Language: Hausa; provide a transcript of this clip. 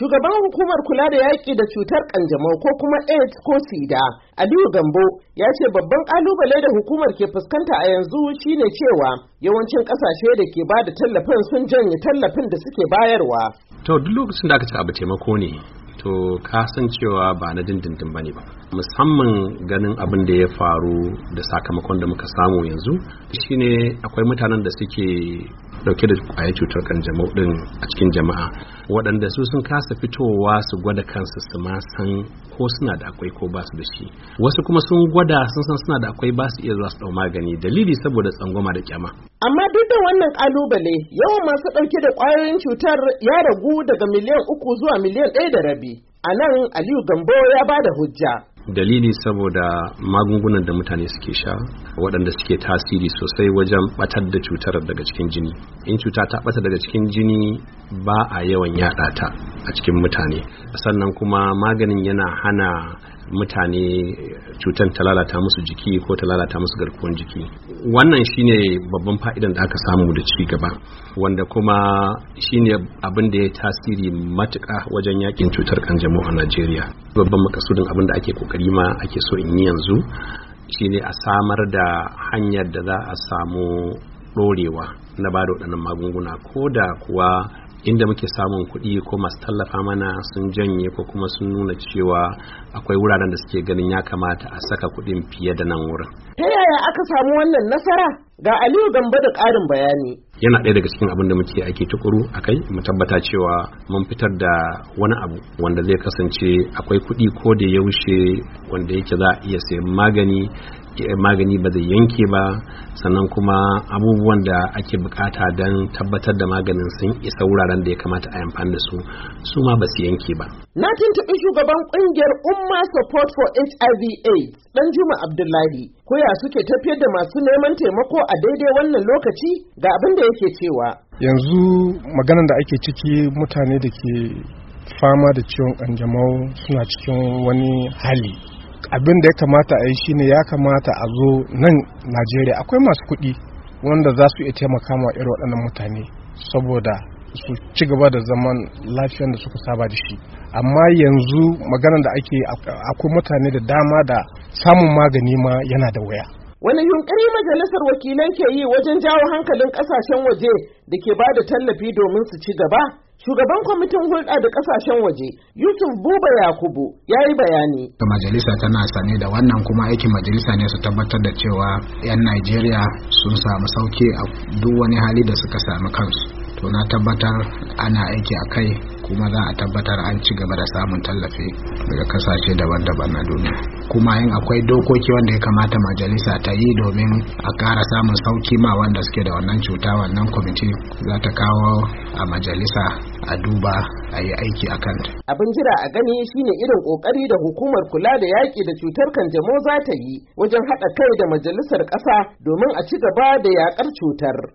Shugaban hukumar kula da yaƙi da cutar ƙanjamau ko kuma AIDS ko SIDA, Aliyu Gambo, ya ce babban ƙalubale da hukumar ke fuskanta a yanzu shine cewa yawancin ƙasashe da ke ba da tallafin sun janye tallafin da suke bayarwa. To duk lokacin da aka ce abu taimako ne, to ka san cewa ba na dindindin bane ba musamman ganin abin da ya faru da sakamakon da muka samu yanzu shine akwai mutanen da suke dauke da kwayar cutar kanjamau din a cikin jama'a waɗanda su sun kasa fitowa su gwada kansu su ma san ko suna da akwai ko ba su da shi wasu kuma sun gwada sun san suna da akwai ba su iya zuwa su ɗau magani dalili saboda tsangwama da kyama amma duk da wannan kalubale yawan masu dauke da kwayoyin cutar ya ragu daga miliyan uku zuwa miliyan ɗaya da rabi a nan aliyu gambo ya ba da hujja dalili saboda magungunan da mutane suke sha waɗanda suke tasiri sosai wajen ɓatar da cutar daga cikin jini in cuta ta ɓata daga cikin jini ba a yawan yaɗa ta a cikin mutane sannan kuma maganin yana hana mutane cutar ta lalata musu jiki ko ta lalata musu garkuwan jiki wannan shine babban fa'idan da aka samu da ci gaba wanda kuma shine abin da ya tasiri matuka wajen yakin cutar kanjamau a Najeriya babban makasudin abin da ake kokari ma ake so in yi yanzu shine a samar da hanyar da za a samu ɗorewa na ba da waɗannan magunguna ko da kuwa inda muke samun kuɗi ko masu tallafa mana sun janye ko kuma sun nuna cewa akwai wuraren da suke ganin ya kamata a saka kuɗin fiye da nan wurin. Ta yaya aka samu wannan nasara? Ga Aliyu Gambo da ƙarin bayani. Yana ɗaya daga cikin abin da muke ake tukuru a kai mu tabbata cewa mun fitar da wani abu wanda zai kasance akwai kuɗi ko da yaushe wanda yake za a iya sayan magani eh, magani ba zai yanke ba sannan kuma abubuwan da ake bukata don tabbatar da maganin sun isa wuraren da ya kamata a amfani da su su ma ba su yanke ba. Na tuntuɓi shugaban ƙungiyar Umma Support for HIV AIDS ɗan Juma Abdullahi koya suke tafiyar da masu neman taimako a daidai wannan lokaci ga abin da yake cewa yanzu maganan da ake ciki mutane da ke fama da ciwon kanjamau suna cikin wani hali abin da ya kamata a yi shine ya kamata a zo nan najeriya akwai masu kuɗi wanda za su iya taimaka ma irin waɗannan mutane saboda su ci gaba da zaman lafiyan da suka saba da shi amma yanzu maganan da ake akwai mutane da dama da samun magani ma yana da waya wani yunkuri majalisar wakilai ke yi wajen jawo hankalin kasashen waje da ke ba da tallafi domin su ci gaba shugaban kwamitin hulɗa da kasashen waje yusuf buba yakubu ya yi bayani majalisa tana sane da wannan kuma aikin majalisa ne su tabbatar da cewa 'yan najeriya sun samu sauke a duk wani hali da suka sami kansu to na tabbatar ana aiki a kai kuma za a tabbatar an ci gaba da samun tallafi daga kasashe daban-daban na duniya kuma yin akwai dokoki wanda ya kamata majalisa ta yi domin a kara samun sauki ma wanda suke da wannan cuta wannan kwamiti za ta kawo a majalisa a duba a yi aiki a kan abin jira a gani shine irin kokari da hukumar kula da yaƙi da cutar kanjamau za ta yi wajen haɗa kai da majalisar ƙasa domin a ci gaba da yaƙar cutar.